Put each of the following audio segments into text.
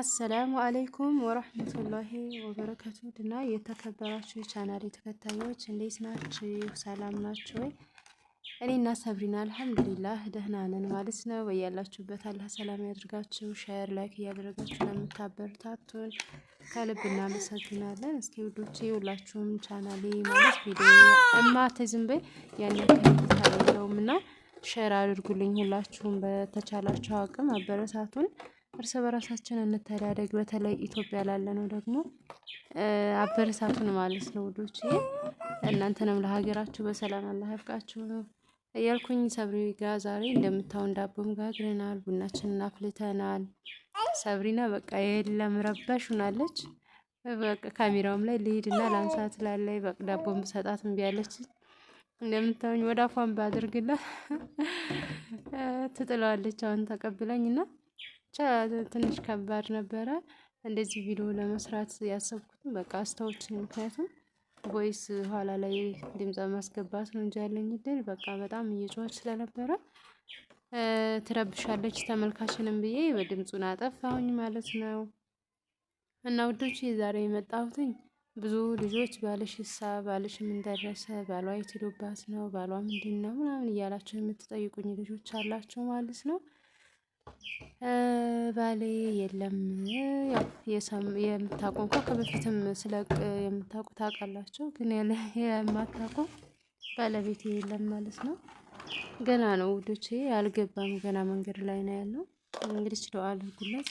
አሰላሙ አለይኩም ወረህመቱላሂ ወበረከቱ ድና የተከበራችሁ የቻናሌ ተከታዮች እንዴት ናችሁ? ሰላም ናችሁ ወይ? እኔና ሰብሪና አልሐምዱሊላህ ደህና ነን ማለት ነው። በያላችሁበት አላህ ሰላም ያድርጋችሁ። ሼር ላይክ እያደረጋችሁ ለምታበረታቱን ከልብ እናመሰግናለን። እስኪ ውዶቼ ሁላችሁም ቻናሌ ማለት ቪዲዮ እማተ ዝም በይ ያን ያለውም አድርጉልኝ። ሁላችሁም በተቻላችሁ አቅም አበረታቱን። እርስ በራሳችን እንተዳደግ። በተለይ ኢትዮጵያ ላለ ነው ደግሞ አበረታቱን ማለት ነው ውዶቼ። እናንተንም ለሀገራችሁ በሰላም አላህ ያብቃችሁ ነው እያልኩኝ ሰብሪ ጋ ዛሬ እንደምታውን ዳቦም ጋግረናል፣ ቡናችንን አፍልተናል። ሰብሪና በቃ የለም ረባሽ ሆናለች። በቃ ካሜራውም ላይ ልሂድና ላንሳ ትላለች። በቃ ዳቦም ብሰጣት እምቢ አለች። እንደምታውኝ ወደ አፏን ባድርግላት ትጥለዋለች። አሁን ተቀብላኝ እና ብቻ ትንሽ ከባድ ነበረ። እንደዚህ ቪዲዮ ለመስራት ያሰብኩትም በቃ ነው። ምክንያቱም ቮይስ ኋላ ላይ ድምፅ ማስገባት ነው እንጂ ያለኝ ድል በቃ በጣም እየጮኸች ስለነበረ ትረብሻለች ተመልካችንም ብዬ በድምፁን አጠፋሁኝ ማለት ነው። እና ውዶች ዛሬ የመጣሁትኝ ብዙ ልጆች ባልሽ እሳ ባልሽ ምን ደረሰ፣ ባሏ የት ሄዶባት ነው፣ ባሏ ምንድን ነው ምናምን እያላቸው የምትጠይቁኝ ልጆች አላቸው ማለት ነው። ባሌ የለም። ያው የምታውቁ እኮ ከበፊትም ስለቅ የምታውቁ ታውቃላችሁ፣ ግን የማታውቁ ባለቤት የለም ማለት ነው። ገና ነው ውዶቼ፣ አልገባም። ገና መንገድ ላይ ነው ያለው። እንግዲህ ችለው አድርጉለት።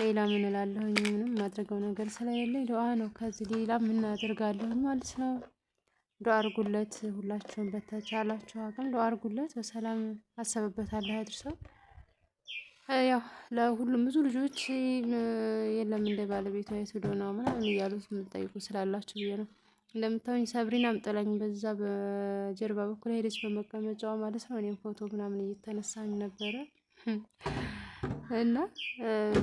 ሌላ ምን እላለሁ? ምንም ማድረገው ነገር ስለሌለኝ ዱዓ ነው። ከዚህ ሌላ ምን አድርጋለሁ ማለት ነው። ዱዓ አድርጉለት። ሁላችሁም በተቻላችሁ አቅም ዱዓ አድርጉለት። በሰላም አሰብበታለሁ ያድርሰው። ያው ለሁሉም ብዙ ልጆች የለም እንደ ባለቤቷ የት ሄዶ ነው ምናምን እያሉት የምጠይቁ ስላላችሁ ብዬ ነው። እንደምታዩኝ ሰብሪናም ጥላኝ በዛ በጀርባ በኩል ሄደች በመቀመጫዋ ማለት ነው። እኔም ፎቶ ምናምን እየተነሳኝ ነበረ እና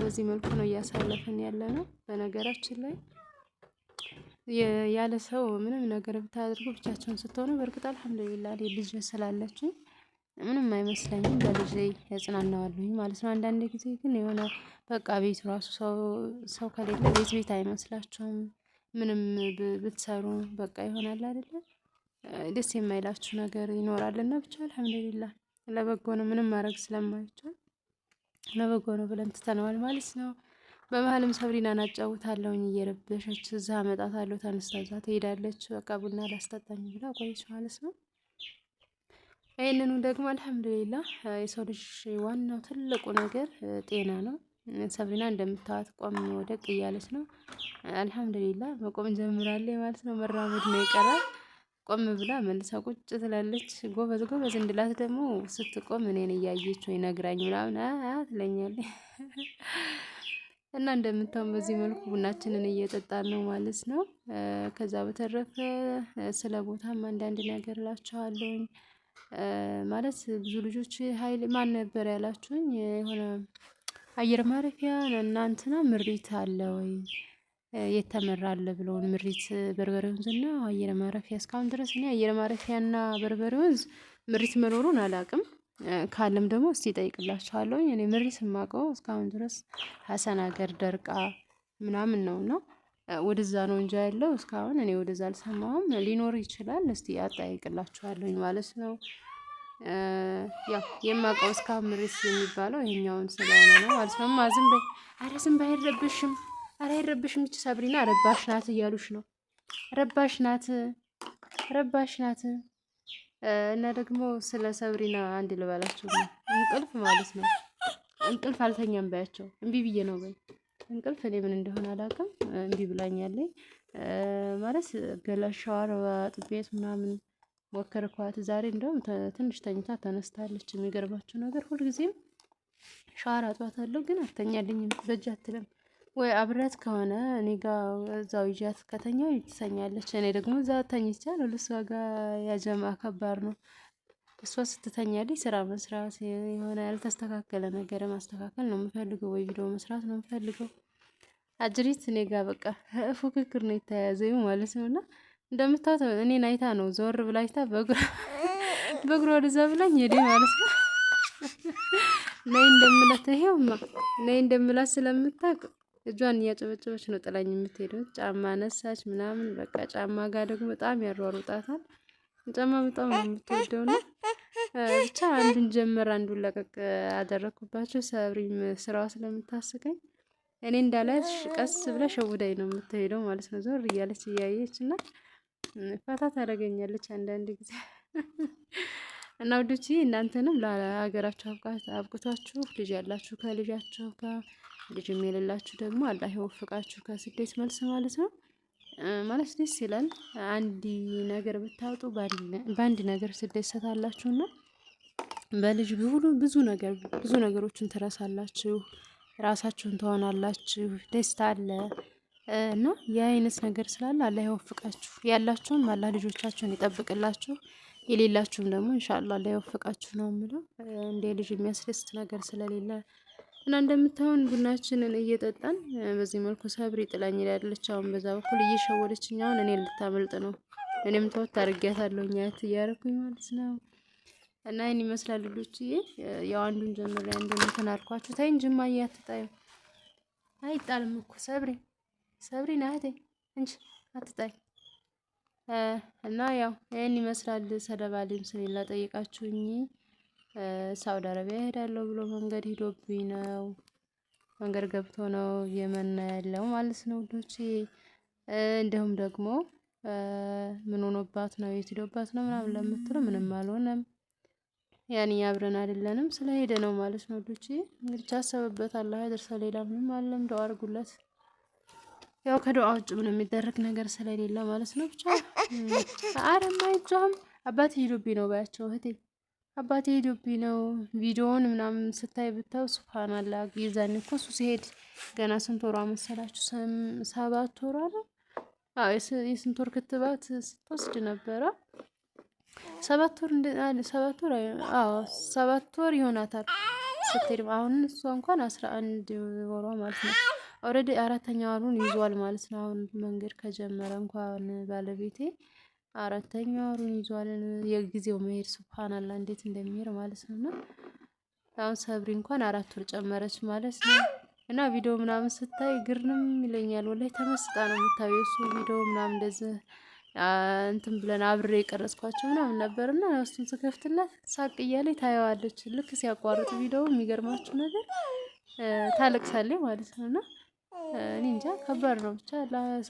በዚህ መልኩ ነው እያሳለፍን ያለ ነው። በነገራችን ላይ ያለ ሰው ምንም ነገር ብታደርጉ ብቻቸውን ስትሆኑ በእርግጥ አልሐምዱሊላህ ልጅ ስላለችኝ ምንም አይመስለኝም። በልጅ ላይ ያጽናናዋለሁኝ ማለት ነው። አንዳንድ ጊዜ ግን የሆነ በቃ ቤት ራሱ ሰው ከሌለ ቤት ቤት አይመስላችሁም። ምንም ብትሰሩ በቃ ይሆናል አይደለ? ደስ የማይላችሁ ነገር ይኖራልና ብቻ አልሐምዱሊላ ለበጎ ነው። ምንም ማድረግ ስለማይቻል ለበጎ ነው ብለን ትተነዋል ማለት ነው። በመሀልም ሰብሪናን አጫውታለሁኝ እየረበሸች እዛ አመጣታለሁ ተነስታ እዛ ትሄዳለች። በቃ ቡና ላስጠጣኝ ብላ ቆየች ማለት ነው። ይህንኑ ደግሞ አልሐምዱሊላ የሰው ልጅ ዋናው ትልቁ ነገር ጤና ነው። ሰብሪና እንደምታዋት ቆም ወደቅ እያለች ነው። አልሐምዱሊላ መቆም ጀምራለ ማለት ነው። መራመድ ነው ይቀራል። ቆም ብላ መልሳ ቁጭ ትላለች። ጎበዝ ጎበዝ እንድላት ደግሞ ስትቆም እኔን እያየች ወይ ነግራኝ ምናምን ትለኛለች። እና እንደምታውም በዚህ መልኩ ቡናችንን እየጠጣን ነው ማለት ነው። ከዛ በተረፈ ስለ ቦታም አንዳንድ ነገር እላችኋለሁኝ። ማለት ብዙ ልጆች ሀይል ማን ነበር ያላችሁኝ? የሆነ አየር ማረፊያ እናንትና ምሪት አለ ወይ? የተመራ አለ ብለውን ምሪት በርበሬ ወንዝና አየር ማረፊያ እስካሁን ድረስ እኔ አየር ማረፊያና በርበሬ ወንዝ ምሪት መኖሩን አላውቅም። ካለም ደግሞ እስቲ እጠይቅላችኋለሁኝ። እኔ ምሪት የማውቀው እስካሁን ድረስ ሀሰን ሀገር ደርቃ ምናምን ነው ነው። ወደዛ ነው እንጂ ያለው እስካሁን እኔ ወደዛ አልሰማሁም። ሊኖር ይችላል። እስቲ አጠያይቅላችኋለሁኝ ማለት ነው። ያው የማውቀው እስካሁን ምሬት የሚባለው ይሄኛውን ስለሆነ ነው ማለት ነው። እማ ዝም በይ፣ አረ ዝም በይ፣ አይረብሽም፣ አረ አይረብሽም። ይቺ ሰብሪና ረባሽ ናት እያሉሽ ነው። ረባሽ ናት፣ ረባሽ ናት። እና ደግሞ ስለ ሰብሪና አንድ ልበላችሁ ነው። እንቅልፍ ማለት ነው እንቅልፍ አልተኛም ባያቸው፣ እምቢ ብዬ ነው በይ እንቅልፍ እኔ ምን እንደሆነ አላውቅም፣ እምቢ ብላኛለኝ። ማለት ገላ ጥቤት ምናምን ሞከርኳት ዛሬ። እንደውም ትንሽ ተኝታ ተነስታለች። የሚገርባችሁ ነገር ሁልጊዜም ሻወር አጥባታለሁ፣ ግን አተኛልኝም፣ በእጅ አትልም ወይ አብረት ከሆነ እኔ ጋር እዛው ይዣት ከተኛው ትተኛለች። እኔ ደግሞ እዛ ተኝቻ ለሉስ ዋጋ ያጀማ ከባድ ነው። እሷ ልጅ ስራ መስራት የሆነ ያልተስተካከለ ነገር ማስተካከል ነው የምፈልገው፣ ወይ ቪዲዮ መስራት ነው የምፈልገው። አጅሪት እኔ ጋር በቃ ፉክክር ነው የተያያዘው ማለት ነው። እና እንደምታዩት እኔን አይታ ነው ዞር ብላ አይታ በእግሯ ወደዛ ብላኝ ሄደ ማለት ነው። ነይ እንደምላት ይሄውማ ነይ እንደምላት ስለምታውቅ እጇን እያጨበጨበች ነው ጥላኝ የምትሄደው። ጫማ ነሳች ምናምን በቃ ጫማ ጋር ደግሞ በጣም ያሯሩጣታል። ጫማ በጣም ነው የምትወደው ነው ብቻ አንዱን ጀምር አንዱን ለቀቅ አደረግኩባቸው። ሰብሪም ስራዋ ስለምታስቀኝ እኔ እንዳላት ቀስ ብለ ሸውዳይ ነው የምትሄደው ማለት ነው። ዞር እያለች እያየች እና ፈታ ታደርገኛለች አንዳንድ ጊዜ እና ውዶች እናንተንም ለሀገራችሁ አብቅቷችሁ ልጅ ያላችሁ ከልጃችሁ ጋር ልጅም የሌላችሁ ደግሞ አላህ ይወፍቃችሁ ከስደት መልስ ማለት ነው። ማለት ደስ ይላል። አንድ ነገር ብታጡ በአንድ ነገር እና በልጅ ብሁሉ ብዙ ነገር ብዙ ነገሮችን ትረሳላችሁ፣ ራሳችሁን ትሆናላችሁ። ደስታ አለ እና የአይነት ነገር ስላለ አላህ ይወፍቃችሁ። ያላችሁም አላህ ልጆቻችሁን ይጠብቅላችሁ፣ የሌላችሁም ደግሞ እንሻላ አላህ ይወፍቃችሁ ነው የምለው። እንደ ልጅ የሚያስደስት ነገር ስለሌለ እና እንደምታዩን ቡናችንን እየጠጣን በዚህ መልኩ ሰብሪ ጥላኝ ሄዳለች። አሁን በዛ በኩል እየሸወደችኝ፣ አሁን እኔ ልታመልጥ ነው። እኔም ተወት አድርጊያታለሁ እኛት እያደረኩኝ ማለት ነው። እና ይህን ይመስላል ልጆችዬ። ያው አንዱን ጀምሬ አንዱን እንትን አልኳችሁ። ተይኝ ጅማ እያትጣዩ አይጣልም እኮ ሰብሪ ሰብሪ ናቴ እንጂ አትጣይ እና ያው ይህን ይመስላል። ሰደባሌም ስኔላ ጠይቃችሁኝ ሳውዲ አረቢያ እሄዳለሁ ብሎ መንገድ ሂዶብኝ ነው። መንገድ ገብቶ ነው የመን ያለው ማለት ነው ውዶቼ። እንዲሁም ደግሞ ምን ሆኖባት ነው የት ሂዶባት ነው ምናምን ለምትሉ ምንም አልሆነም። ያን አብረን አይደለንም ስለሄደ ነው ማለት ነው ውዶቼ። እንግዲህ ታሰበበት አላህ ያደርሰው። ሌላ ምንም አለም ዱአ አድርጉለት። ያው ከዱአ ውጭ ምን የሚደረግ ነገር ስለሌለ ማለት ነው። ብቻ አረማይጃም አባት ሂዶብኝ ነው ባያቸው እህቴ አባቴ ሄዶብኝ ነው ቪዲዮውን ምናምን ስታይ ብታው ሱብሃን አላ ጊዛን እኮ እሱ ሲሄድ ገና ስንት ወሯ መሰላችሁ? ሰባት ወሯ ነው። አዎ የስንት ወር ክትባት ስትወስድ ነበረ? ሰባት ወር እንደ ሰባት ወር አዎ ሰባት ወር ይሆናታል ስትሄድ። አሁን እሷ እንኳን አስራ አንድ ወሯ ማለት ነው። ኦልሬዲ አራተኛ ወሩን ይዟል ማለት ነው። አሁን መንገድ ከጀመረ እንኳን ባለቤቴ አራተኛ ወሩን ይዟል። የጊዜው መሄድ ሱብሃንአላህ እንዴት እንደሚሄድ ማለት ነው። እና አሁን ሰብሪ እንኳን አራት ወር ጨመረች ማለት ነው። እና ቪዲዮ ምናምን ስታይ ግርንም ይለኛል ወላይ ተመስጣ ነው የምታየው። እሱ ቪዲዮ ምናምን እንደዚህ እንትን ብለን አብሬ የቀረጽኳቸው ምናምን ነበር እና እሱን ስከፍትላት ሳቅ እያለች ታየዋለች። ልክ ሲያቋርጥ ቪዲዮ የሚገርማችሁ ነገር ታለቅሳለች ማለት ነው። እና እኔ እንጃ ከባድ ነው ብቻ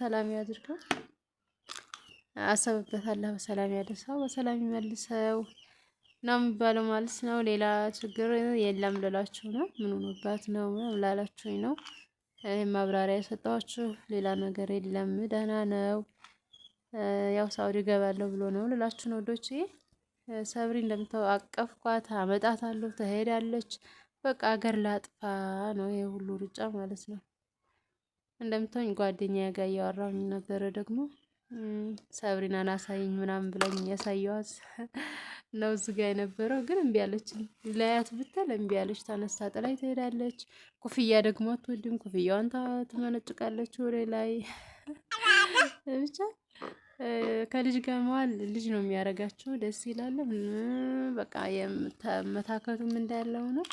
ሰላም ያድርገው። አላህ በሰላም ያደርሰው፣ በሰላም ይመልሰው ነው የሚባለው ማለት ነው። ሌላ ችግር የለም ልላችሁ ነው። ምን ሆኖባት ነው ላላችሁኝ ነው ማብራሪያ የሰጠኋችሁ። ሌላ ነገር የለም፣ ደህና ነው። ያው ሳውዲ ገባለሁ ብሎ ነው ልላችሁ ነው ዶቼ። ሰብሪ እንደምታው አቀፍኳት፣ አመጣታለሁ፣ ትሄዳለች። በቃ ሀገር ላጥፋ ነው ይሄ ሁሉ ሩጫ ማለት ነው። እንደምታውኝ ጓደኛ ጋር እያወራሁኝ ነበረ ደግሞ ሰብሪና ላሳይኝ ምናምን ብለኝ ያሳየዋት ነው እዚህ ጋር የነበረው ግን እምቢ አለች። ለያት ብትል እምቢ አለች። ተነስታ ጥላይ ትሄዳለች። ኮፍያ ደግሞ አትወድም። ኮፍያዋን ትመነጭቃለች ወደ ላይ ብቻ ከልጅ ጋር መዋል ልጅ ነው የሚያደርጋቸው ደስ ይላለ በቃ የመታከቱም እንዳለው ነው።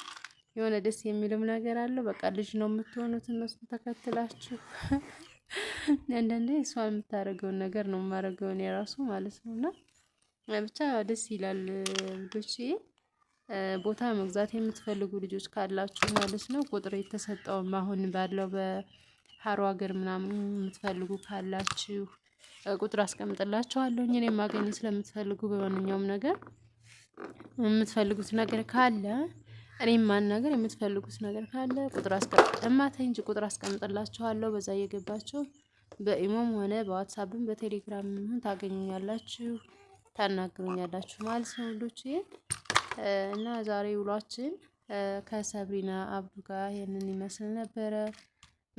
የሆነ ደስ የሚልም ነገር አለው። በቃ ልጅ ነው የምትሆኑት እነሱ ተከትላችሁ አንዳንዴ እሷ የምታደርገውን ነገር ነው የማደርገውን የራሱ ማለት ነው። እና ብቻ ደስ ይላል ልጆች። ቦታ መግዛት የምትፈልጉ ልጆች ካላችሁ ማለት ነው ቁጥር የተሰጠውም አሁን ባለው በሀሮ ሀገር ምናምን የምትፈልጉ ካላችሁ ቁጥር አስቀምጥላችኋለሁ። እኔ ማገኘት ስለምትፈልጉ በማንኛውም ነገር የምትፈልጉት ነገር ካለ እኔም ማናገር የምትፈልጉት ነገር ካለ ቁጥር አስቀምጠማታ እንጂ ቁጥር አስቀምጥላችኋለሁ። በዛ እየገባችሁ በኢሞም ሆነ በዋትሳፕም በቴሌግራም ምን ታገኙኛላችሁ፣ ታናግሩኛላችሁ ማለት ነው ውዶቼ። እና ዛሬ ውሏችን ከሰብሪና አብዱ ጋር ይህንን ይመስል ነበረ።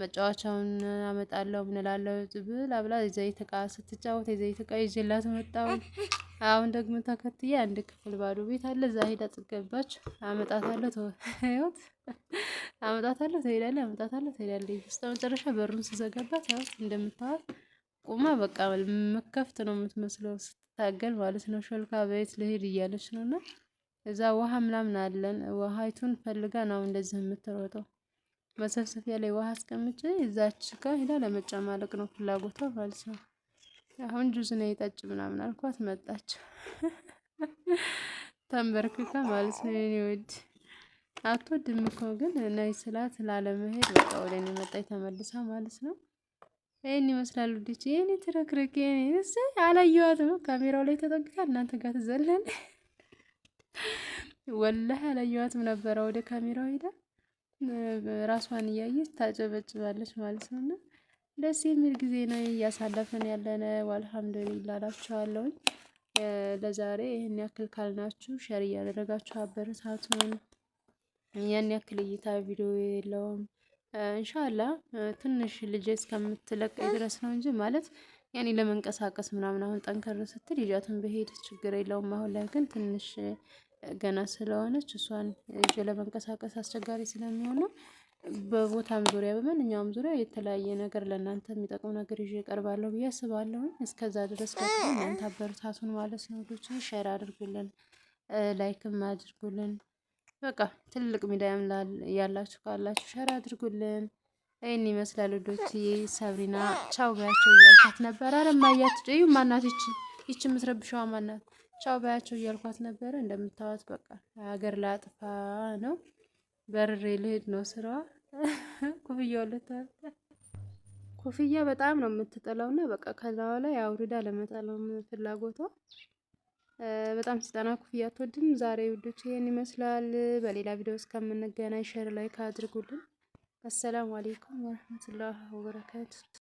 መጫወቻውን አመጣለሁ ምን እላለሁ ብላ ብላ የዘይት እቃ ስትጫወት የዘይት እቃ ይዤላት መጣሁ። አሁን ደግሞ ተከትዬ አንድ ክፍል ባዶ ቤት አለ እዛ ሄዳ ጥገባች አመጣታለሁ ተወት አመጣታለሁ ትሄዳለህ አመጣታለሁ ትሄዳለህ እስከ መጨረሻ በሩን ስዘጋባት ያውት እንደምታዋል ቁማ በቃ መከፍት ነው የምትመስለው ስትታገል ማለት ነው። ሾልካ በየት ልሄድ እያለች ነው እና እዛ ውሃ ምናምን አለን ውሃይቱን ፈልጋ ነው እንደዚህ የምትሮጠው። መሰብሰቢያ ላይ ውሃ አስቀምጬ እዛች ጋር ሄዳ ለመጨማለቅ ነው ፍላጎቷ ማለት ነው። አሁን ጁስ ነው የጠጭ ምናምን አልኳት መጣች ተንበርክካ ማለት ነው። የኔ ውድ አቶ ድምኮ ግን ነይ ስላት ላለመሄድ በቃ ወደ እኔ መጣች ተመልሳ ማለት ነው። ይህን ይመስላል ውድች ይህን ትረክረክ ስ አላየዋትም። ካሜራው ላይ ተጠግታ እናንተ ጋር ትዘለን ወላህ አላየዋትም ነበረ ወደ ካሜራው ሄዳ ራሷን እያየች ታጨበጭባለች ማለት ነው። እና ደስ የሚል ጊዜ ነው እያሳለፍን ያለነው። አልሐምዱሊላ ላችኋለሁኝ። ለዛሬ ይህን ያክል ካልናችሁ ሸር እያደረጋችሁ አበረታቱን። ያን ያክል እይታ ቪዲዮ የለውም እንሻላ ትንሽ ልጄ እስከምትለቀኝ ድረስ ነው እንጂ ማለት ያኔ ለመንቀሳቀስ ምናምን አሁን ጠንከር ስትል ይዣትን በሄድ ችግር የለውም። አሁን ላይ ግን ትንሽ ገና ስለሆነች እሷን እጅ ለመንቀሳቀስ አስቸጋሪ ስለሚሆነው በቦታም ዙሪያ በማንኛውም ዙሪያ የተለያየ ነገር ለእናንተ የሚጠቅሙ ነገር ይዤ እቀርባለሁ ብዬ አስባለሁ። እስከዛ ድረስ ደግሞ እናንተ አበረታቱን ማለት ነው። ልጆች ሼር አድርጉልን፣ ላይክም አድርጉልን። በቃ ትልቅ ሚዲያም ያላችሁ ካላችሁ ሼር አድርጉልን። ይህን ይመስላል ዶች። ሰብሪና ቻው ባያቸው እያልኳት ነበር። አረ ማያት ማናት? ይቺ ይቺ ማናት? ቻው ባያቸው እያልኳት ነበረ። እንደምታዩት በቃ ሀገር ላጥፋ ነው፣ በርሬ ልሄድ ነው ስራዋ። ኩፍያ ኩፍያ በጣም ነው የምትጠላውና በቃ ከዛው ላይ አውርዳ ለመጣለው ፍላጎቷ በጣም ስልጠና ኩፍያ አትወድም። ዛሬ ውዶች ይሄን ይመስላል። በሌላ ቪዲዮ እስከምንገናኝ ሸር ላይ ካድርጉልን። አሰላሙ አሌይኩም ወረህመቱላህ ወበረካቱ።